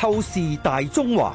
透視大中華。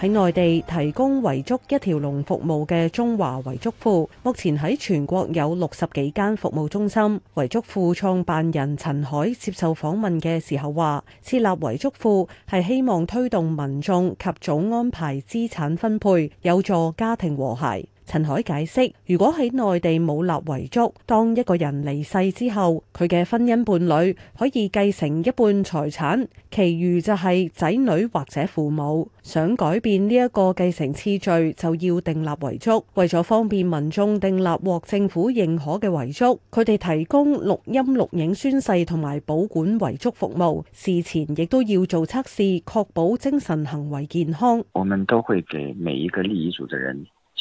喺內地提供遺囑一條龍服務嘅中華遺囑庫，目前喺全國有六十幾間服務中心。遺囑庫創辦人陳凱接受訪問嘅時候話，設立遺囑庫係希望推動民眾及早安排資產分配，有助家庭和諧。陳海解釋：如果喺內地冇立遺囑，當一個人離世之後，佢嘅婚姻伴侶可以繼承一半財產，其餘就係仔女或者父母。想改變呢一個繼承次序，就要訂立遺囑。為咗方便民眾訂立獲政府認可嘅遺囑，佢哋提供錄音錄影宣誓同埋保管遺囑服務。事前亦都要做測試，確保精神行為健康。我們都會給每一個立遺囑的人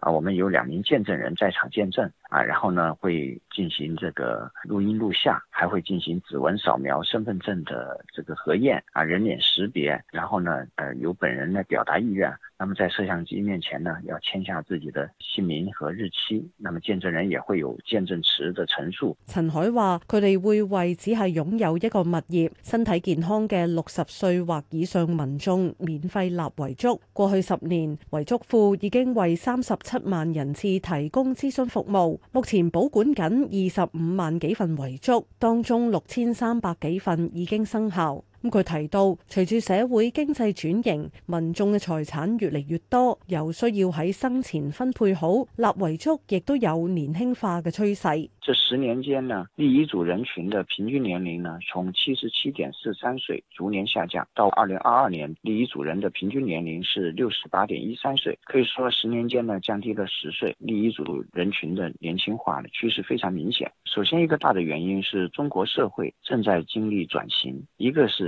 啊，我們有兩名見證人在場見證啊，然後呢會進行這個錄音錄像，還會進行指紋掃描、身份證的這個核驗啊，人臉識別，然後呢，呃，由本人來表達意願。那麼在攝像機面前呢，要簽下自己的姓名和日期。那麼見證人也會有見證詞的陳述。陳海話，佢哋會為只係擁有一個物業、身體健康嘅六十歲或以上民眾免費立遺囑。過去十年，遺囑庫已經為三十。七萬人次提供諮詢服務，目前保管緊二十五萬幾份遺囑，當中六千三百幾份已經生效。咁佢提到，隨住社會經濟轉型，民眾嘅財產越嚟越多，又需要喺生前分配好立遺囑，亦都有年輕化嘅趨勢。這十年間呢，立遺囑人群的平均年齡呢，從七十七點四三歲逐年下降，到二零二二年，立遺囑人的平均年齡是六十八點一三歲，可以說十年間呢，降低了十歲。立遺囑人群的年輕化呢趨勢非常明顯。首先一個大的原因是中國社會正在經歷轉型，一個是。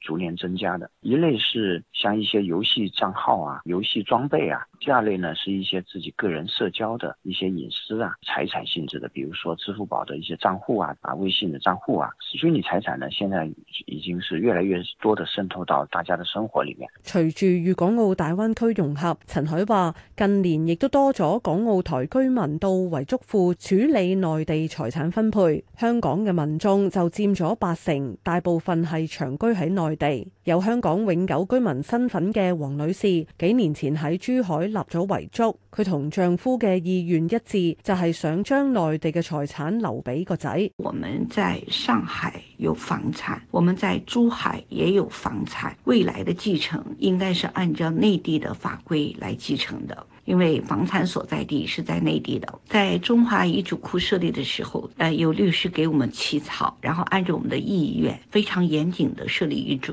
逐年增加的一類是像一些遊戲賬號啊、遊戲裝備啊；第二類呢是一些自己個人社交的一些隱私啊、財產性質的，比如說支付寶的一些賬戶啊、啊微信的賬戶啊。虛擬財產呢，現在已經是越來越多的滲透到大家的生活裏面。隨住粵港澳大灣區融合，陳海話，近年亦都多咗港澳台居民到遺囑庫處理內地財產分配，香港嘅民眾就佔咗八成，大部分係長居喺內。內地有香港永久居民身份嘅黃女士，幾年前喺珠海立咗遺囑。佢同丈夫嘅意願一致，就係、是、想將內地嘅財產留俾個仔。我們在上海有房產，我們在珠海也有房產。未來的繼承應該是按照內地的法規來繼承的，因為房產所在地是在內地的。在中華遺囑庫設立的時候，誒，有律師給我們起草，然後按照我們的意願，非常嚴謹地設立遺囑。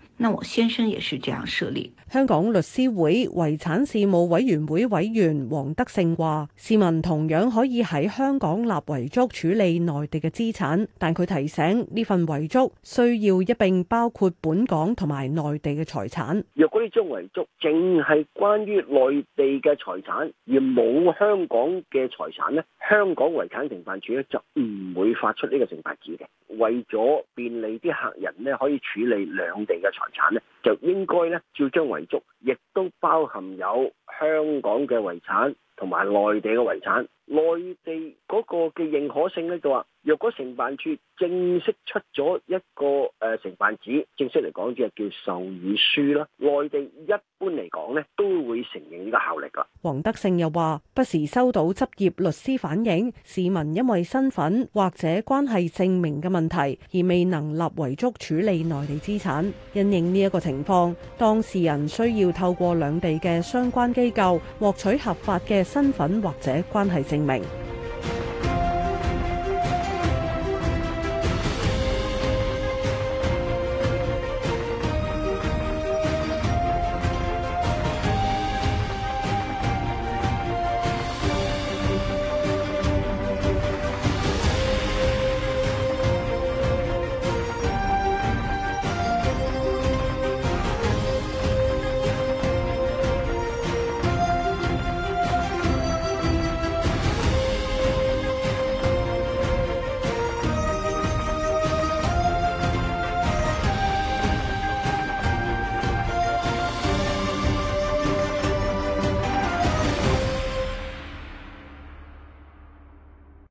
那我先生也是這樣設立。香港律師會遺產事務委員會委員黃德勝話，市民同樣可以喺香港立遺囑處理內地嘅資產，但佢提醒呢份遺囑需要一併包括本港同埋內地嘅財產。若果呢張遺囑淨係關於內地嘅財產而冇香港嘅財產，香港遺產承辦處咧就唔會發出呢個承辦紙嘅。為咗便利啲客人呢，可以處理兩地嘅財產呢，就應該呢照張遺囑，亦都包含有香港嘅遺產同埋內地嘅遺產，內地。嗰個嘅認可性咧，就話若果承辦處正式出咗一個誒承辦紙，正式嚟講，即係叫授予書啦。內地一般嚟講咧，都會承認呢個效力噶。黃德勝又話：不時收到執業律師反映，市民因為身份或者關係證明嘅問題而未能立遺囑處理內地資產。因應呢一個情況，當事人需要透過兩地嘅相關機構獲取合法嘅身份或者關係證明。